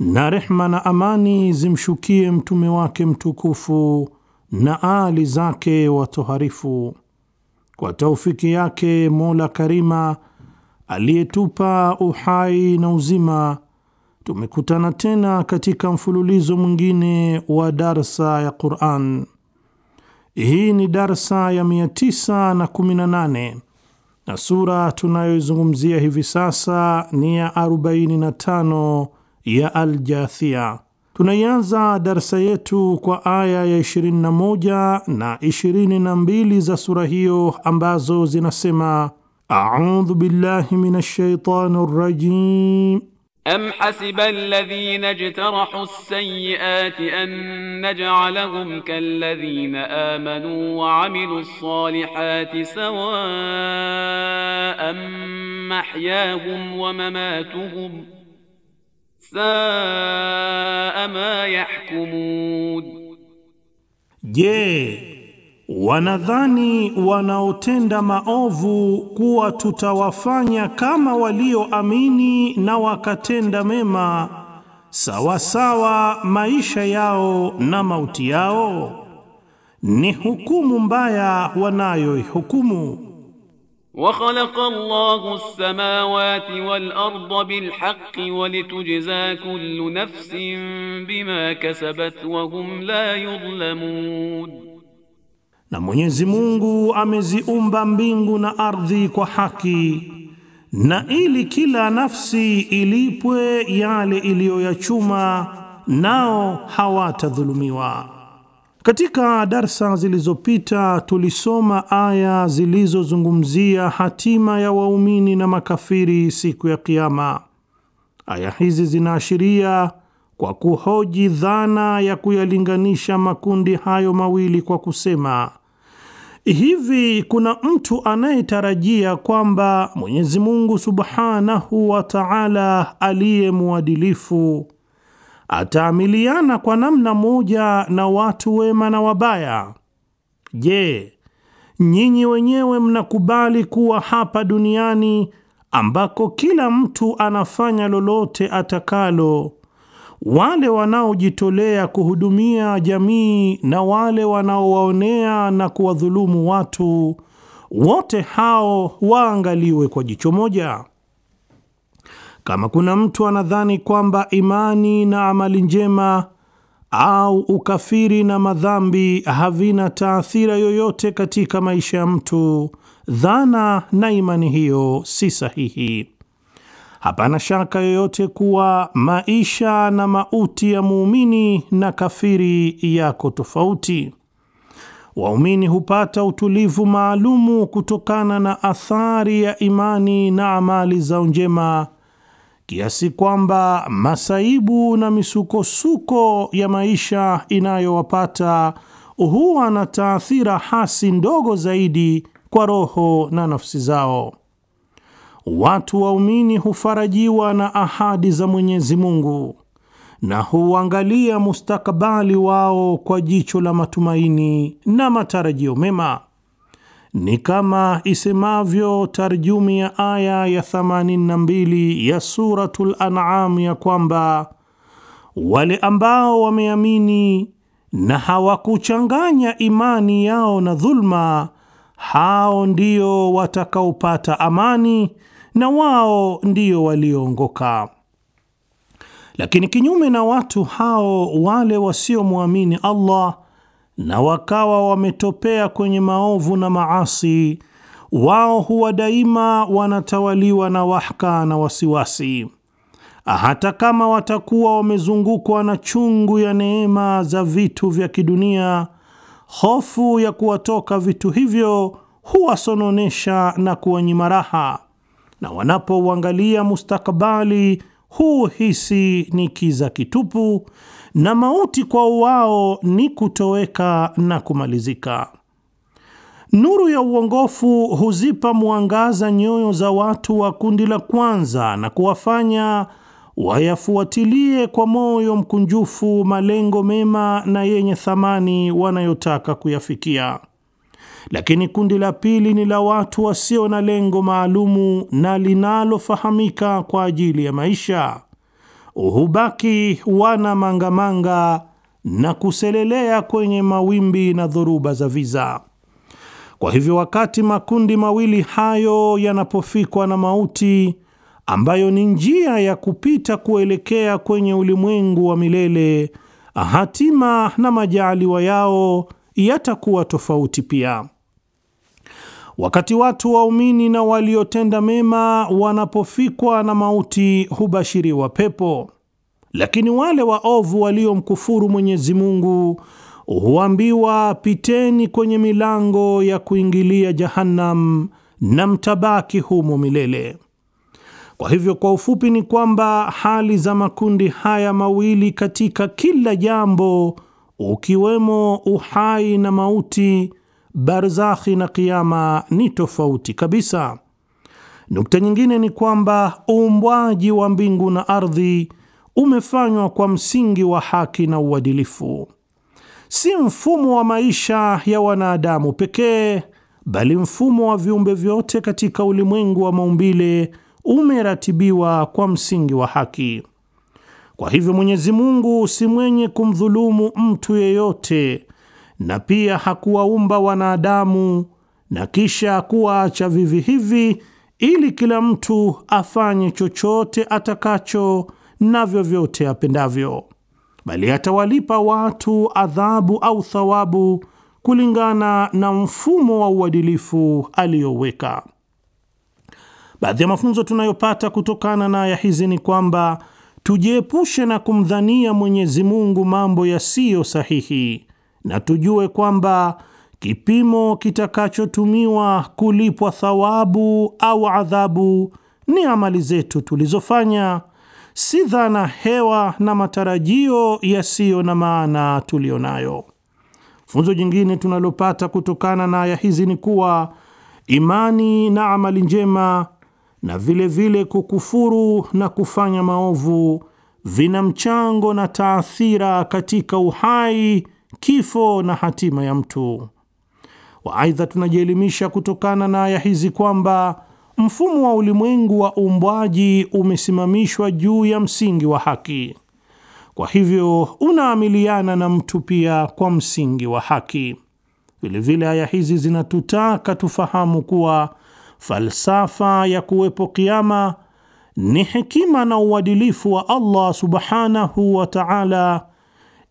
na rehma na amani zimshukie mtume wake mtukufu na aali zake watoharifu. Kwa taufiki yake Mola Karima aliyetupa uhai na uzima, tumekutana tena katika mfululizo mwingine wa darsa ya Qur'an. Hii ni darsa ya 918 na, na sura tunayoizungumzia hivi sasa ni ya 45 ya Aljathia. Tunaianza darsa yetu kwa aya ya 21 na 22 za sura hiyo ambazo zinasema: audhu billahi minash shaitani rajim am hasiba alladhina jtarahu as-sayyiati an naj'alahum kalladhina amanu wa 'amilus salihati sawa'an mahyahum wa mamatuhum saa ma yahkumun, je, wanadhani wanaotenda maovu kuwa tutawafanya kama walioamini na wakatenda mema sawasawa maisha yao na mauti yao? Ni hukumu mbaya wanayoihukumu. وخلق الله السماوات والأرض بالحق ولتجزى كل نفس بما كسبت وهم لا يظلمون na Mwenyezi Mungu ameziumba mbingu na ardhi kwa haki na ili kila nafsi ilipwe yale iliyoyachuma nao hawatadhulumiwa Katika darsa zilizopita tulisoma aya zilizozungumzia hatima ya waumini na makafiri siku ya Kiama. Aya hizi zinaashiria kwa kuhoji dhana ya kuyalinganisha makundi hayo mawili kwa kusema hivi: kuna mtu anayetarajia kwamba Mwenyezi Mungu Subhanahu wa Ta'ala aliye mwadilifu ataamiliana kwa namna moja na watu wema na wabaya. Je, nyinyi wenyewe mnakubali kuwa hapa duniani ambako kila mtu anafanya lolote atakalo, wale wanaojitolea kuhudumia jamii na wale wanaowaonea na kuwadhulumu watu, wote hao waangaliwe kwa jicho moja? Kama kuna mtu anadhani kwamba imani na amali njema au ukafiri na madhambi havina taathira yoyote katika maisha ya mtu, dhana na imani hiyo si sahihi. Hapana shaka yoyote kuwa maisha na mauti ya muumini na kafiri yako tofauti. Waumini hupata utulivu maalumu kutokana na athari ya imani na amali zao njema kiasi kwamba masaibu na misukosuko ya maisha inayowapata huwa na taathira hasi ndogo zaidi kwa roho na nafsi zao. Watu waumini hufarajiwa na ahadi za Mwenyezi Mungu na huangalia mustakabali wao kwa jicho la matumaini na matarajio mema ni kama isemavyo tarjumi ya aya ya 82 ya Suratul An'am ya kwamba wale ambao wameamini na hawakuchanganya imani yao na dhulma, hao ndio watakaopata amani na wao ndio walioongoka. Lakini kinyume na watu hao, wale wasiomwamini Allah na wakawa wametopea kwenye maovu na maasi, wao huwa daima wanatawaliwa na wahka na wasiwasi, hata kama watakuwa wamezungukwa na chungu ya neema za vitu vya kidunia. Hofu ya kuwatoka vitu hivyo huwasononesha na kuwanyima raha, na wanapouangalia mustakabali huu hisi ni kiza kitupu na mauti kwa wao ni kutoweka na kumalizika. Nuru ya uongofu huzipa mwangaza nyoyo za watu wa kundi la kwanza na kuwafanya wayafuatilie kwa moyo mkunjufu malengo mema na yenye thamani wanayotaka kuyafikia. Lakini kundi la pili ni la watu wasio na lengo maalumu na linalofahamika kwa ajili ya maisha hubaki wana mangamanga na kuselelea kwenye mawimbi na dhoruba za viza. Kwa hivyo, wakati makundi mawili hayo yanapofikwa na mauti ambayo ni njia ya kupita kuelekea kwenye ulimwengu wa milele, hatima na majaaliwa yao yatakuwa tofauti pia. Wakati watu waumini na waliotenda mema wanapofikwa na mauti hubashiriwa pepo, lakini wale waovu waliomkufuru Mwenyezi Mungu huambiwa piteni kwenye milango ya kuingilia Jahannam na mtabaki humo milele. Kwa hivyo, kwa ufupi ni kwamba hali za makundi haya mawili katika kila jambo, ukiwemo uhai na mauti barzakhi na kiama ni tofauti kabisa. Nukta nyingine ni kwamba uumbwaji wa mbingu na ardhi umefanywa kwa msingi wa haki na uadilifu, si mfumo wa maisha ya wanadamu pekee, bali mfumo wa viumbe vyote katika ulimwengu wa maumbile umeratibiwa kwa msingi wa haki. Kwa hivyo Mwenyezi Mungu si mwenye kumdhulumu mtu yeyote na pia hakuwaumba wanadamu na kisha kuwaacha vivi hivi ili kila mtu afanye chochote atakacho na vyovyote apendavyo, bali atawalipa watu adhabu au thawabu kulingana na mfumo wa uadilifu aliyoweka. Baadhi ya mafunzo tunayopata kutokana na aya hizi ni kwamba tujiepushe na kumdhania Mwenyezi Mungu mambo yasiyo sahihi na tujue kwamba kipimo kitakachotumiwa kulipwa thawabu au adhabu ni amali zetu tulizofanya, si dhana hewa na matarajio yasiyo na maana tuliyo nayo. Funzo jingine tunalopata kutokana na aya hizi ni kuwa imani na amali njema na vile vile kukufuru na kufanya maovu vina mchango na taathira katika uhai kifo na hatima ya mtu. Waaidha, tunajielimisha kutokana na aya hizi kwamba mfumo wa ulimwengu wa umbwaji umesimamishwa juu ya msingi wa haki, kwa hivyo unaamiliana na mtu pia kwa msingi wa haki. Vilevile aya hizi zinatutaka tufahamu kuwa falsafa ya kuwepo kiama ni hekima na uadilifu wa Allah subhanahu wa ta'ala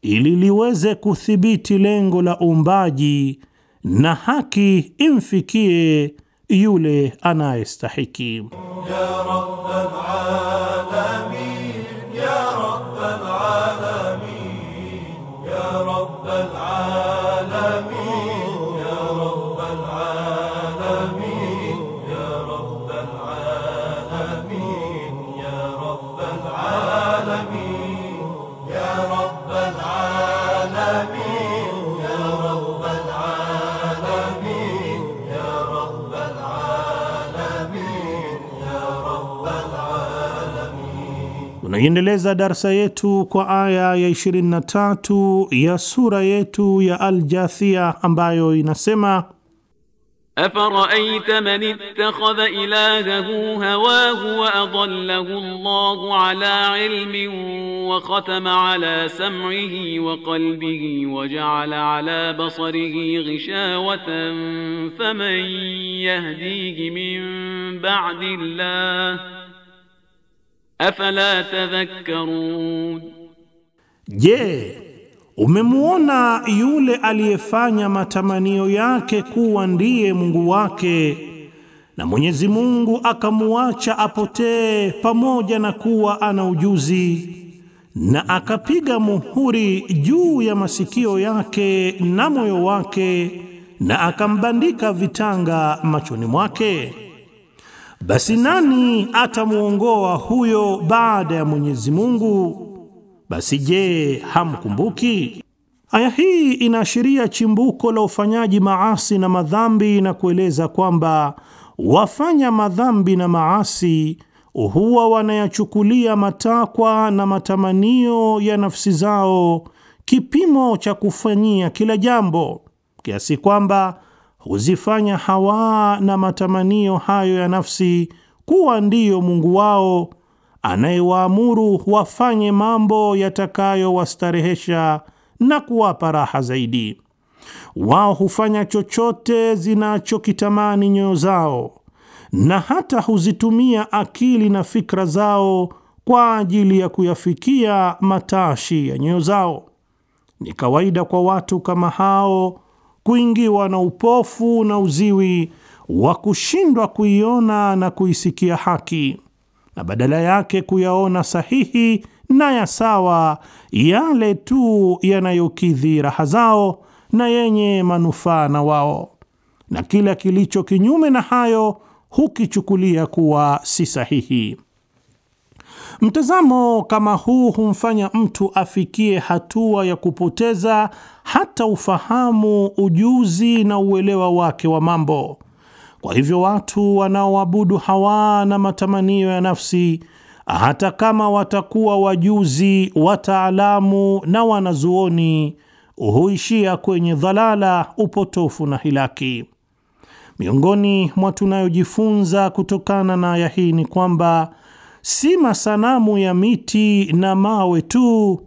ili liweze kuthibiti lengo la uumbaji na haki imfikie yule anayestahiki ya Tunaiendeleza darsa yetu kwa aya ya 23 ya sura yetu ya Al-Jathia ambayo inasema Afaraita man ittakhadha ilahahu hawahu wa adallahu Allahu ala ilmin wa khatama ala sam'ihi wa qalbihi wa ja'ala ala basarihi ghishawatan faman yahdihi min ba'di Allah Afala tadhakkarun, je, umemuona yule aliyefanya matamanio yake kuwa ndiye Mungu wake na Mwenyezi Mungu akamuacha apotee pamoja na kuwa ana ujuzi na akapiga muhuri juu ya masikio yake na moyo wake na akambandika vitanga machoni mwake? Basi nani atamwongoa huyo baada ya Mwenyezi Mungu? Basi je, hamkumbuki? Aya hii inaashiria chimbuko la ufanyaji maasi na madhambi na kueleza kwamba wafanya madhambi na maasi huwa wanayachukulia matakwa na matamanio ya nafsi zao kipimo cha kufanyia kila jambo kiasi kwamba huzifanya hawa na matamanio hayo ya nafsi kuwa ndiyo Mungu wao anayewaamuru wafanye mambo yatakayowastarehesha na kuwapa raha zaidi. Wao hufanya chochote zinachokitamani nyoyo zao na hata huzitumia akili na fikra zao kwa ajili ya kuyafikia matashi ya nyoyo zao. Ni kawaida kwa watu kama hao kuingiwa na upofu na uziwi wa kushindwa kuiona na kuisikia haki na badala yake kuyaona sahihi na ya sawa yale tu yanayokidhi raha zao na yenye manufaa na wao, na kila kilicho kinyume na hayo hukichukulia kuwa si sahihi. Mtazamo kama huu humfanya mtu afikie hatua ya kupoteza hata ufahamu, ujuzi na uelewa wake wa mambo. Kwa hivyo watu wanaoabudu hawa na matamanio ya nafsi, hata kama watakuwa wajuzi, wataalamu na wanazuoni, huishia kwenye dhalala, upotofu na hilaki. Miongoni mwa tunayojifunza kutokana na aya hii ni kwamba si masanamu ya miti na mawe tu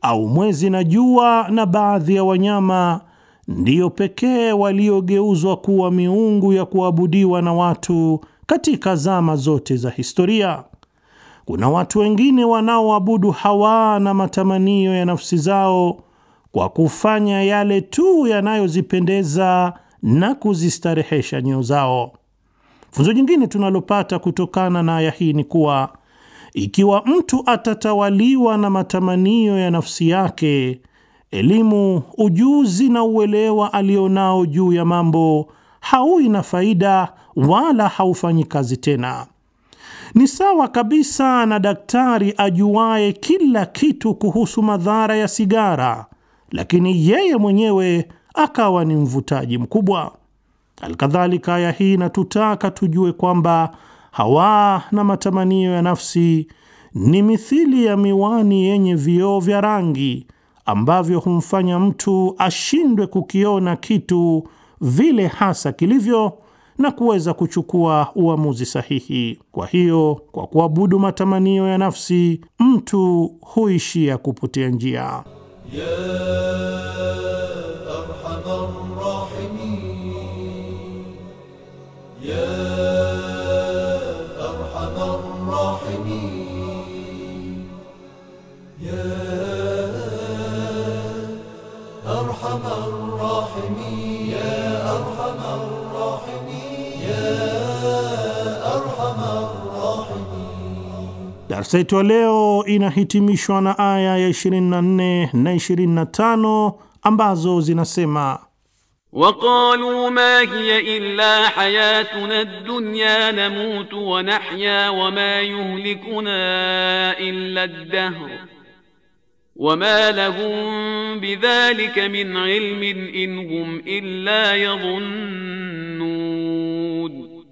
au mwezi na jua na baadhi ya wanyama ndiyo pekee waliogeuzwa kuwa miungu ya kuabudiwa na watu katika zama zote za historia. Kuna watu wengine wanaoabudu hawa na matamanio ya nafsi zao kwa kufanya yale tu yanayozipendeza na kuzistarehesha nyeo zao. Funzo jingine tunalopata kutokana na aya hii ni kuwa ikiwa mtu atatawaliwa na matamanio ya nafsi yake, elimu, ujuzi na uelewa alionao juu ya mambo haui na faida wala haufanyi kazi tena. Ni sawa kabisa na daktari ajuaye kila kitu kuhusu madhara ya sigara, lakini yeye mwenyewe akawa ni mvutaji mkubwa. Alkadhalika, aya hii inatutaka tujue kwamba hawa na matamanio ya nafsi ni mithili ya miwani yenye vioo vya rangi ambavyo humfanya mtu ashindwe kukiona kitu vile hasa kilivyo na kuweza kuchukua uamuzi sahihi. Kwa hiyo, kwa kuabudu matamanio ya nafsi, mtu huishia kupotea njia yeah. Darsa yetu ya leo inahitimishwa na aya ya 24 na 25 ambazo zinasema Waqalu ma hiya illa hayatuna ad-dunya namutu wa nahya wa ma yuhlikuna illa ad-dahr wa ma lahum bidhalika min ilmin in hum illa yadhunnun,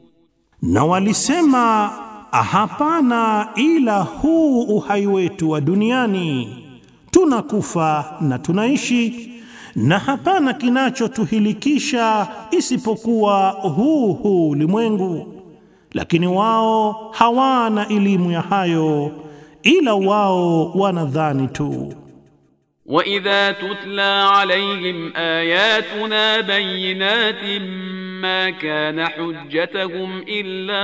na walisema hapana ila huu uhai wetu wa duniani, tunakufa na tunaishi, na hapana kinachotuhilikisha isipokuwa huu huu ulimwengu. Lakini wao hawana elimu ya hayo, ila wao wanadhani tu. wa idha tutla alayhim ayatuna bayinatin ما كان حجتهم إلا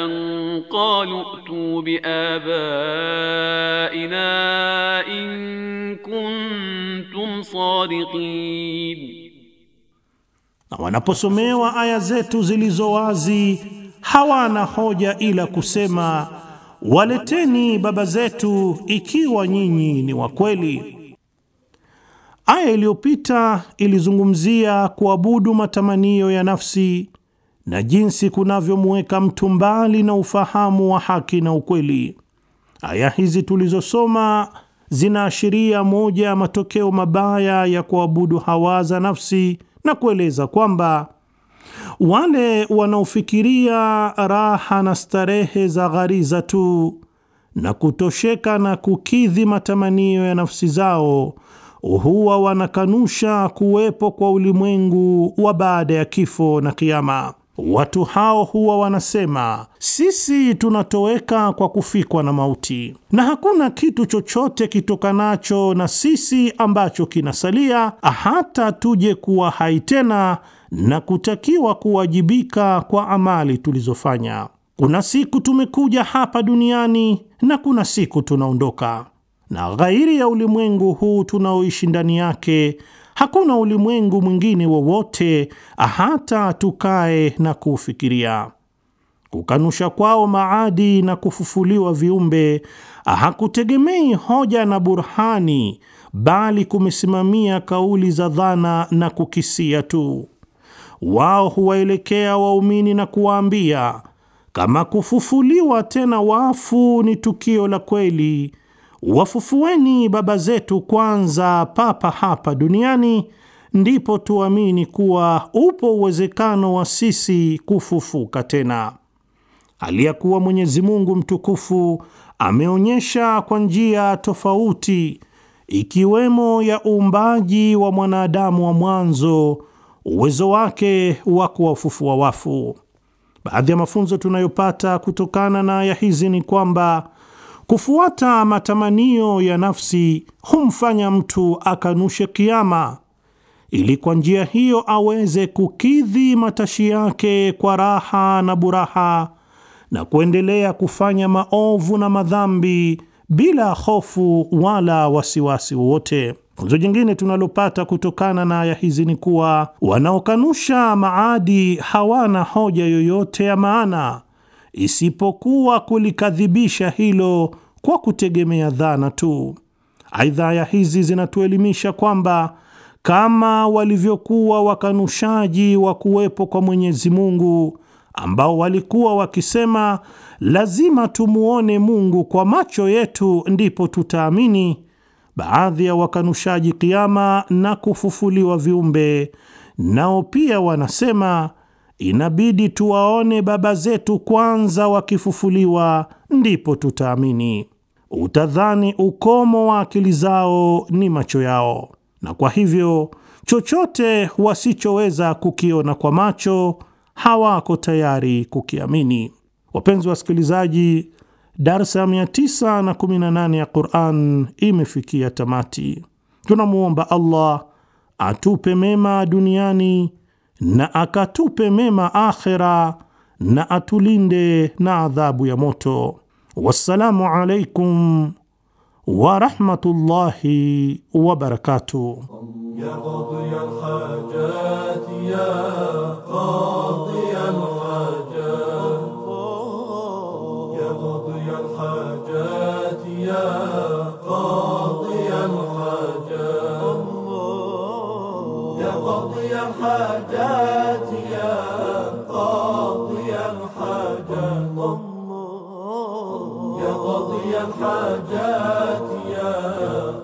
أن قالوا ائتوا بآبائنا إن kuntum sadiqin. Na wanaposomewa aya zetu zilizo wazi hawana hoja ila kusema waleteni baba zetu, ikiwa nyinyi ni wa kweli. Aya iliyopita ilizungumzia kuabudu matamanio ya nafsi na jinsi kunavyomweka mtu mbali na ufahamu wa haki na ukweli. Aya hizi tulizosoma zinaashiria moja ya matokeo mabaya ya kuabudu hawa za nafsi na kueleza kwamba wale wanaofikiria raha na starehe za ghariza tu na kutosheka na kukidhi matamanio ya nafsi zao huwa wanakanusha kuwepo kwa ulimwengu wa baada ya kifo na kiama. Watu hao huwa wanasema sisi tunatoweka kwa kufikwa na mauti, na hakuna kitu chochote kitokanacho na sisi ambacho kinasalia, hata tuje kuwa hai tena na kutakiwa kuwajibika kwa amali tulizofanya. Kuna siku tumekuja hapa duniani na kuna siku tunaondoka na ghairi ya ulimwengu huu tunaoishi ndani yake hakuna ulimwengu mwingine wowote hata tukae na kuufikiria. Kukanusha kwao maadi na kufufuliwa viumbe hakutegemei hoja na burhani, bali kumesimamia kauli za dhana na kukisia tu. Wao huwaelekea waumini na kuwaambia, kama kufufuliwa tena wafu ni tukio la kweli wafufueni baba zetu kwanza papa hapa duniani, ndipo tuamini kuwa upo uwezekano wa sisi kufufuka tena. Aliyekuwa Mwenyezi Mungu mtukufu ameonyesha kwa njia tofauti, ikiwemo ya uumbaji wa mwanadamu wa mwanzo, uwezo wake wa kuwafufua wafu. Baadhi ya mafunzo tunayopata kutokana na aya hizi ni kwamba Kufuata matamanio ya nafsi humfanya mtu akanushe kiama, ili kwa njia hiyo aweze kukidhi matashi yake kwa raha na buraha na kuendelea kufanya maovu na madhambi bila hofu wala wasiwasi wowote. Funzo jingine tunalopata kutokana na aya hizi ni kuwa wanaokanusha maadi hawana hoja yoyote ya maana isipokuwa kulikadhibisha hilo kwa kutegemea dhana tu. Aidha, aya hizi zinatuelimisha kwamba kama walivyokuwa wakanushaji wa kuwepo kwa Mwenyezi Mungu ambao walikuwa wakisema lazima tumuone Mungu kwa macho yetu ndipo tutaamini, baadhi ya wakanushaji kiama na kufufuliwa viumbe nao pia wanasema inabidi tuwaone baba zetu kwanza wakifufuliwa, ndipo tutaamini. Utadhani ukomo wa akili zao ni macho yao, na kwa hivyo chochote wasichoweza kukiona kwa macho hawako tayari kukiamini. Wapenzi wasikilizaji, darsa ya 918 ya Quran imefikia tamati. Tunamwomba Allah atupe mema duniani na akatupe mema akhera na atulinde na adhabu ya moto. Wassalamu alaikum wa rahmatullahi wa barakatuh. الحاجات يا قاضي الحاجات يا قاضي الحاجات يا